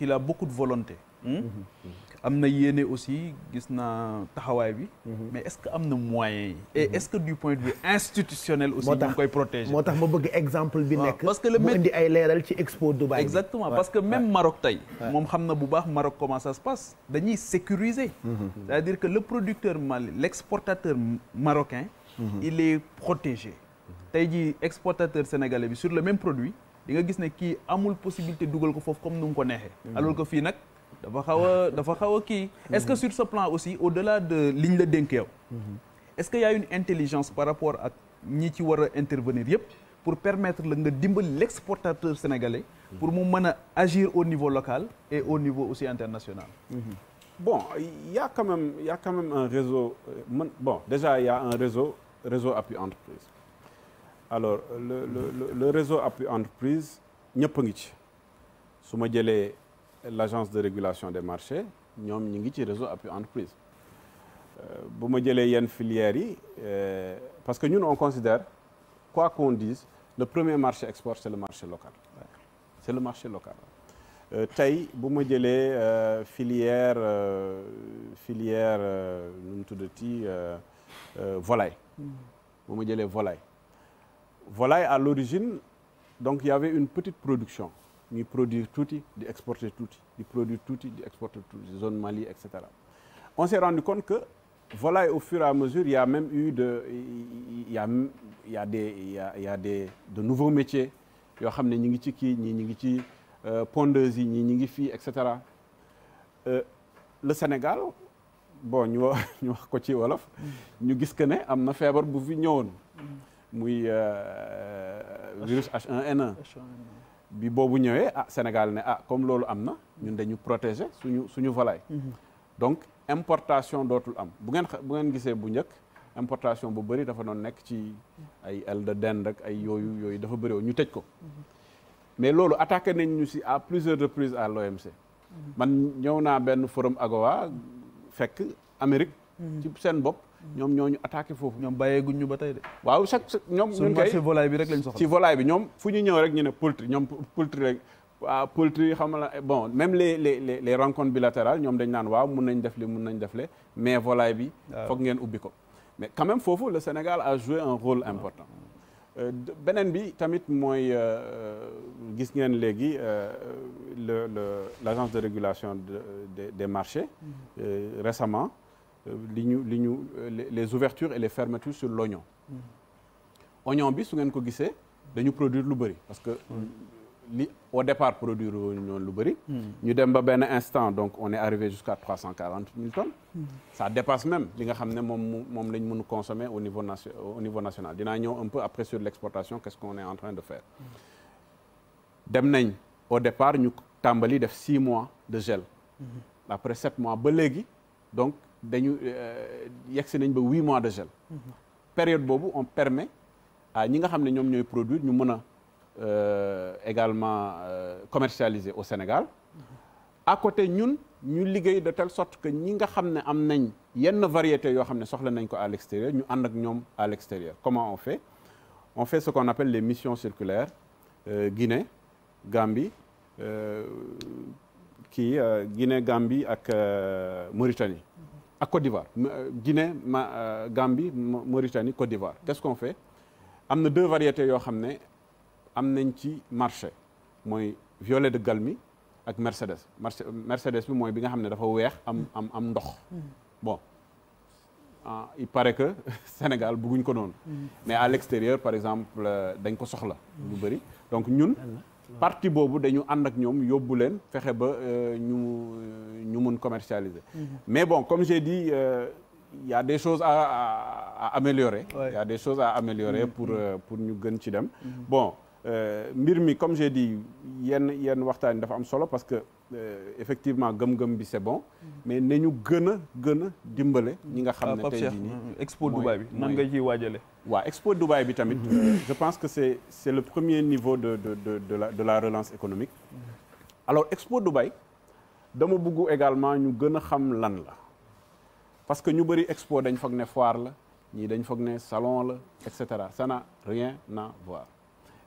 qu'il a beaucoup de volonté. Hmm? Mhm. Hmm. am na yéene aussi gis naa taxawaay bi. Mhm. mais est-ce que am na moyen yi. et mhm. est-ce que du point institutionnel. aussi ñu koy protéger moo tax ma bëgg exemple bi nekk. parce que le mu indi ay leeral ci expo Dubaï. exactement parce que même Maroc tey. moom xam na bu baax Maroc comment ça se passe. dañuy sécuriser. c'est-à-dire que le producteur mali l'exportateur marocain. il est protégé. tey jii exportateur sénégalais bi sur le même produit. di nga gis ne kii amul possibilité dugal ko foofu comme nu mu ko neexee mm-hmm. alors que fii nag dafa xaw dafa xaw a kii mm-hmm. est-ce que sur ce plan aussi au-delà de liñ la dénk yow mm-hmm. est-ce que y a une intelligence par rapport ak ñi ci war a intervenir yëpp pour permettre la nga dimbali l'exportateur sénégalais pour mu mën a agir au niveau local et au niveau aussi international bon y a quand même y a un réseau euh, man bon déjà y un réseau réseau appui entreprise alors le le le réseau appui entreprise ñëpp a ngi ci su ma jëlee l' agence de régulation des marchés ñoom ñi ngi ci réseau appui entreprise euh, bu ma jëlee yenn filières yi euh, parce que ñun on considère quoi qu'on dise le premier marché export c' le marché local c' le marché local euh, tey bu ma jëlee filière filière nu mu tuddati volaille mm. bu ma jëlee volaille volaille à l'origine donc ya y une petite production ñuy produir tuuti di exporter tuuti di produire tuuti di exporter tuuti zone Mali et cetera on s'est rendu compte que volaille au fur et à mesure il même eu de ya y y a de nouveau métier yoo xam ne ñi ngi ci kii ñii ñi ngi ci euh, pondeuses yi ñii ñi ngi fii et cetera euh, le Sénégal bon ñu wax ko ci wolof ñu gis que ne am na feebar bu fi ñëwoon muy euh, virus h 1 bi boobu ñëwee ah Sénégal ne ah comme loolu am na ñun dañu protéger suñu suñu volaille mhm. donc importation dootul am bu ngeen bu ngeen gisee bu njëkk importation bu bëri dafa noon nekk ci ay aile de dinde ay yooyu yooyu dafa bëri ñu tëj ko mhm. mais loolu attaqué nañ ñu si à plusieurs reprises à l'OMC mhm. man ñëw naa benn forum AGOA fekk Amérique ci seen bopp ñoom ñoo ñu attaqué foofu. ñoom bàyyeeguñ ñu ba tey de. waaw chaque ñoom. ñun kay ci volaille bi rek lañ soxla. ci volaille bi ñoom fu ñu ñëw rek ñu ne poultry ñoom poultry rek. waaw poultry xam la bon même les les les rencontres bilatérales ñoom dañ naan waaw mun nañ def li mun le mais volaille bi. Ah. foog ngeen ubbi ko. mais quand foofu le Sénégal a joué un rôle important. Euh, beneen bi tamit mooy euh, gis ngeen léegi euh, le le l' agence de régulation de des marchés mm-hmm. récemment. li ñu li ñu les ouvertures et les fermetures sur l'oignon oignon bi su ngeen ko gisee dañu produir lu bëri parce que li au départ produire ñoon lu bëri ñu dem ba benn instant donc on est arrivé jusqu'à trois cent quarante mille tonnes ça dépasse même li nga xam ne moom moom lañ mënu consommer au niveau au niveau national dinaa ñëw un peu après sur l'exportation qu'est-ce qu'on est en train de faire dem nañ au départ ñu tàmbali def six mois de gel après sept mois ba léegi dañu euh, yegsi nañ ba huit mois de gel mhm. période boobu on permet à ñi nga xam ne ñoom ñooy produit ñu mën a euh, également euh, commercialiser au Sénégal mhm. à côté ñun ñu liggéey de telle sorte que ñi nga xam ne am nañ yenn variété yoo xam ne soxla nañ ko à l'extérieur ñu ànd ak ñoom à l'extérieur comment on fait on fait ce qu'on appelle les missions circulaires euh, Guinée Gambie kii euh, euh, Guinée Gambie ak Mauritanie mhm. ak Côte d'Ivoire euh, Guinée ma euh, Gambie Mauritanie Côte d'Ivoire qu'est-ce qu'on fait am na deux variété yoo xam ne am nañ ci marché mooy violet de Galmi ak Mercedes Mercedes bi mooy bi nga xam ne dafa weex am am am ndox hmm. bon ah, il paraît que Sénégal bëgguñ ko noonu hmm. mais à l'extérieur par exemple euh, dañ ko soxla lu bëri donc ñun partie boobu dañu ànd ak ñoom yóbbu leen fexe ba euh, ñu euh, ñu mun commercialiser. Mhm. mais bon comme j'ai dit euh, y des choses à à, améliorer. Ouais. des choses à améliorer mhm. pour pour ñu gën ci dem. Mhm. bon mbir mi comme j'ai dit yenn yenn waxtaan dafa am solo parce que. Euh, effectivement gëm-gëm bi c'est bon mm-hmm. mais nañu gën a gën a dimbale ñi nga xam ne euh, tey jii nii expo Dubaï bi nan nga ciy waajale waaw expo Dubaï bi tamit mm-hmm. euh, je pense que c'est c'est le premier niveau de de de de la de la relance économique mm-hmm. alors expo Dubaï dama bëggu également ñu gën a xam lan la parce que ñu bëri expo dañ foog ne foire la ñii dañ foog ne salon la et cetera ça n'a rien à voir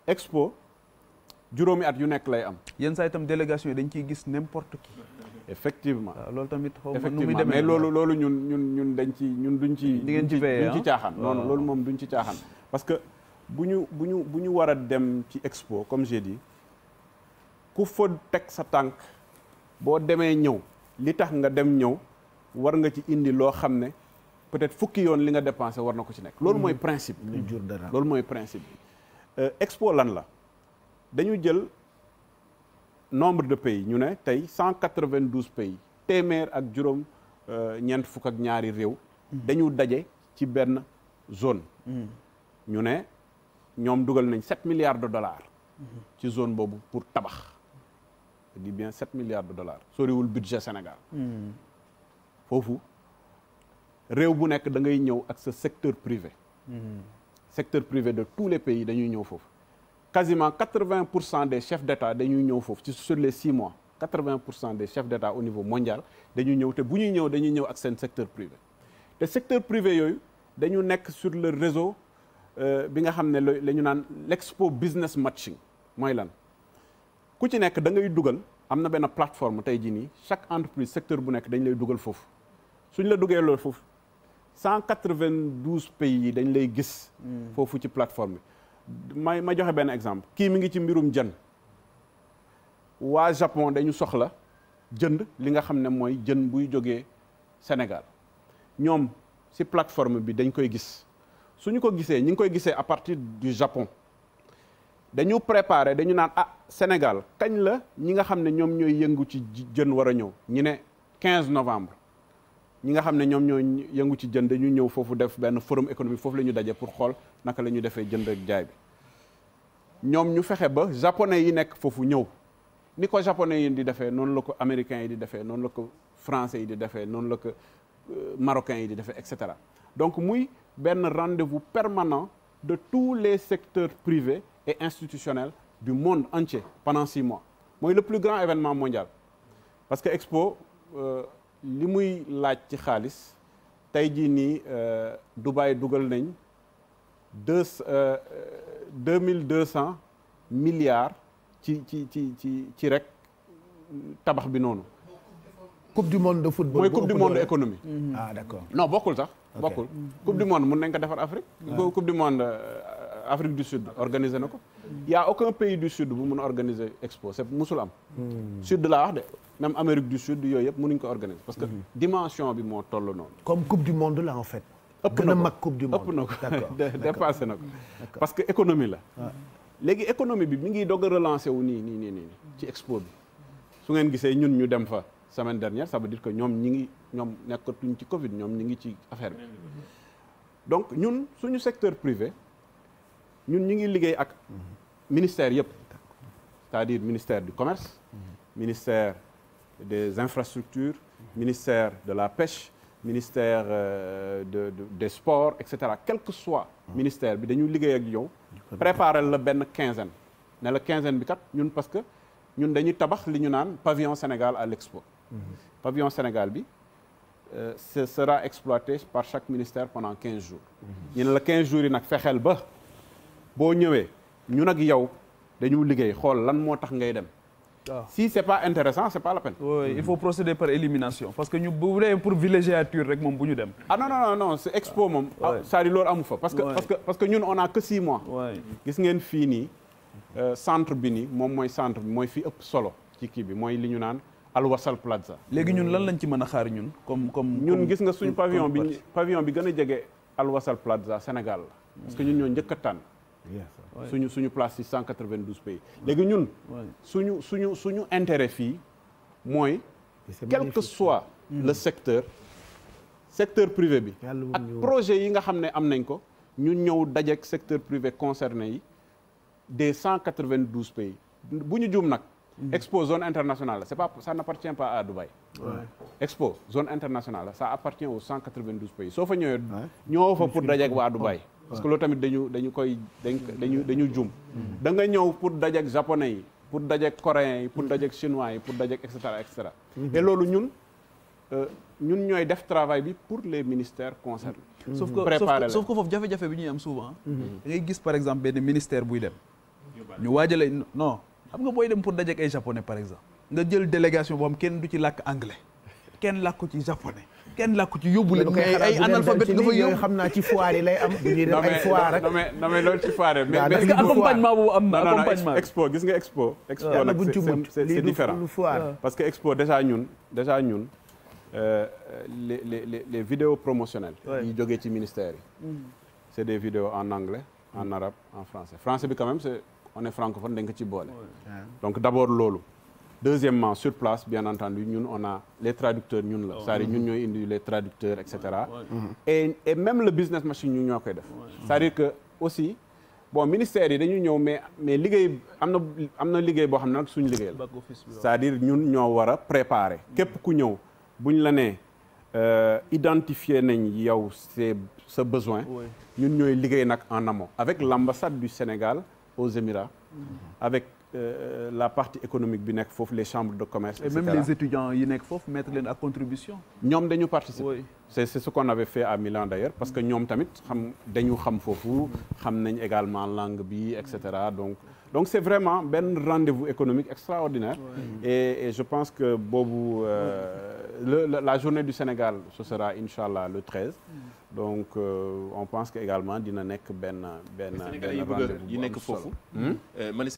expo juróomi at yu nekk lay am. yenn saa itam délégation yi dañ ciy gis n'importe qui. effectivement loolu tamit xaw ma nu demee loolu loolu ñun ñun ñun dañ ci ñun duñ ci. di ngeen ci veillé duñ ci ah. loolu moom duñ ci caaxaan. parce que bu ñu bu ñu bu ñu war a dem ci expo comme j'ai dit ku fa teg sa tànk boo demee ñëw li tax nga dem ñëw war nga ci indi loo xam ne peut-être fukki yoon li nga dépensé war na ko ci nekk. loolu mooy mm-hmm. principe. lu jur dara loolu mooy principe euh, expo lan la. dañu jël nombre de pays ñu ne tey cent quatre vingt douze pays téeméer ak juróom euh, ñeent fukk ak ñaari réew dañu daje ci benn zone ñu ne ñoom dugal nañ sept milliards de dollars ci zone boobu pour tabax je dis bien sept milliards de dollars soriwul budget Sénégal foofu réew bu nekk da ngay ñëw ak sa secteur privé hmm. secteur privé de tous les pays dañuy ñëw foofu quasiment quatre-vingt pour cent des chefs d'État dañuy ñëw foofu ci sur les six mois quatre-vingt pour cent des chefs d'État au niveau mondial dañuy ñëw te bu ñuy ñëw dañuy ñëw ak seen secteur privé te secteur privé yooyu dañu nekk sur le réseau euh, bi nga xam ne la ñu naan l'expo business matching mooy lan ku ci nekk da ngay dugal am na benn plateforme tey jii nii chaque entreprise secteur bu nekk dañ lay dugal foofu suñ la dugee loolu foofu cent quatre-vingt-douze pays yi dañ lay gis hmm. foofu ci plateforme may ma joxe benn exemple kii mi ngi ci mbirum jën waa Japon dañu soxla jënd li nga xam ne mooy jën buy jógee Sénégal ñoom si plateforme bi dañ koy gis suñu ko gisee ñu ngi koy gisee à partir du Japon dañu préparer dañu naan ah Sénégal kañ la ñi nga xam ne ñoom ñooy yëngu ci jën war a ñëw ñu ne 15 novembre ñi nga xam ne ñoom ñoo yëngu ci jënd ñu ñëw foofu def benn forum économique foofu la ñu daje pour xool naka la ñu defee jënd ak jaay bi ñoom ñu fexe ba japonais yi nekk foofu ñëw ni ko japonais yi di defee noonu la ko américains yi di defee noonu la ko français yi di defee noonu la ko euh, marocains yi di defee et cetera donc muy benn rendez-vous permanent de tous les secteurs privés et institutionnels du monde entier pendant six mooy le plus grand événement mondial que Expo. Euh, li muy laaj ci xaalis tey jii nii euh, Dubaï dugal nañ deux euh, euh, deux mille deux cent milliards ci ci ci ci ci rek tabax bi noonu. coupe du monde de football mooy coupe du monde économie. ah d'accord non bokkul sax bokkul. Mm. coupe du monde mun nañ ko defar Afrique. coupe du monde. Afrique du Sud organiser na ko y a aucun pays du Sud bu mun a organiser expo c'est musul am hmm. Sud laa wax de même Amérique du Sud yooyu yëpp mënuñ ko organiser parce que hmm. dimension bi moo toll noonu comme coupe du monde la en fait ëpp na mag coupe du monde ëpp na ko dépassé na parce que économie la léegi économie bi mi ngi doog a wu nii nii nii nii ci expo bi su ngeen gisee ñun ñu dem fa semaine dernière sa veut dire que ñoom ñi ngi ñoom nekkatuñ ci Covid ñoom ñi ngi ci affaire bi donc ñun suñu secteur privé ñun ñu ngi liggéey ak ministère yëpp c'est-à-dire ministère du commerce ministère des infrastructures ministère de la pêche ministère euh, de des sports et cetera quel que soit ministère bi dañu liggéey ak yow préparer la benn quinzaine ne la quinzaine bi kat ñun parce que ñun dañuy tabax li ñu naan pavillon Sénégal à l'expo pavillon Sénégal bi euh, ce sera exploité par chaque ministère pendant quinze jours ñu la quinze jours yi nag fexeel ba boo ñëwee ñun ak yow dañu liggéey xool lan moo tax ngay dem. waaw ah. si c'est pas intéressant c'est pas la peine. oui il faut procéder par élimination parce que ñu bu dee pour villégiature rek moom bu ñu dem. ah non non non c'est expo moom. Ah, loolu amu fa. parce que parce que parce que ñun on a que six mois. gis ngeen fii nii euh, centre bi nii moom mooy centre bi mooy fii ëpp solo ci kii bi mooy li ñu naan Alwasal Plaza. léegi ñun lan lañ ci mën a xaari ñun comme comme. ñun gis nga suñu pavillon bi pavillon bi gën a jege Alwasal Plaza Sénégal la. parce que ñoo njëkk suñu suñu place ci cent quatre vingt douze pays léegi ñun suñu suñu suñu intérêt fii mooy quel que soit mm. le secteur secteur privé bi ak projet yi nga xam ne am nañ ko ñu ñëw dajeek secteur privé concerné yi des cent quatre vingt douze pays bu ñu juum nag mm. expo zone internationale la c'est pas ça n'appartient pas à Dubaï expo zone internationale la ça appartient aux cent quatre vingt douze pays soo fa ñëwee ñoo fa pour dajeek waa Dubaï parce que loo tamit dañu dañu koy dañ dañu dañu juum mm-hmm. da ñëw pour dajeek japonais yi pour dajeek coréens yi pour dajeek chinois yi pour dajeek et cetera et cetera mm-hmm. loolu ñun euh, ñun ñooy def travail bi pour les ministères concernés mm-hmm. sauf que sauf que foofu jafe-jafe bi ñu am souvent da gis par exemple benn ministère buy dem ñu waajale non xam nga booy dem pour dajeek ay japonais par exemple nga jël délégation boo xam kenn du ci làkk anglais kenn làkku ci japonais kenn làkku ci yóbbu leen. ay analphabète nga fa yóbbu xam naa ci foire yi lay am. bu ñuy def ay foire rek na accompagnement expo gis nga expo. expo nag c'est c'est différent parce que expo déjà ñun déjà ñun. Euh, les les les vidéos promotionnelles. yi jógee ci ministère yi. Mm. c'est des vidéos en anglais en arabe en français français bi quand même c'est on francophone dañ ko ci boole. donc d'abord loolu. deuxièmement sur place bien entendu ñun on a les traducteurs ñun la oh. c'est-à-dire ñun mm-hmm. ñooy indi les traducteurs et cetera mm-hmm. et et même le business machine ñun ñoo koy def cest dire que aussi bon ministère yi dañuy ñëw mais mais liggéey am na am na liggéey boo xam ne nag suñu liggéey la c'est-à-dire ñun ñoo war a préparer mm-hmm. képp ku ñëw bu buñ la nee euh, identifier nañ yow ses sa besoin ñun ñooy liggéey nag en amont avec l'ambassade du Sénégal aux Émirats avec Euh, euh, la partie économique bi nekk foofu les chambres de commerce et même les étudiants yi nekk foofu mettre leen à contribution ñoom dañu participer c'est c'est ce qu'on avait fait à Milan d'ailleurs parce que ñoom tamit xam dañu xam foofu xam nañ également langue bi et cetera donc donc c'est vraiment benn rendez-vous économique extraordinaire et je pense que boobu euh, la journée du Sénégal ce sera inchallah le 13 donc on pense que dina nekk benn benn Sénégalais nekk foofu hmm?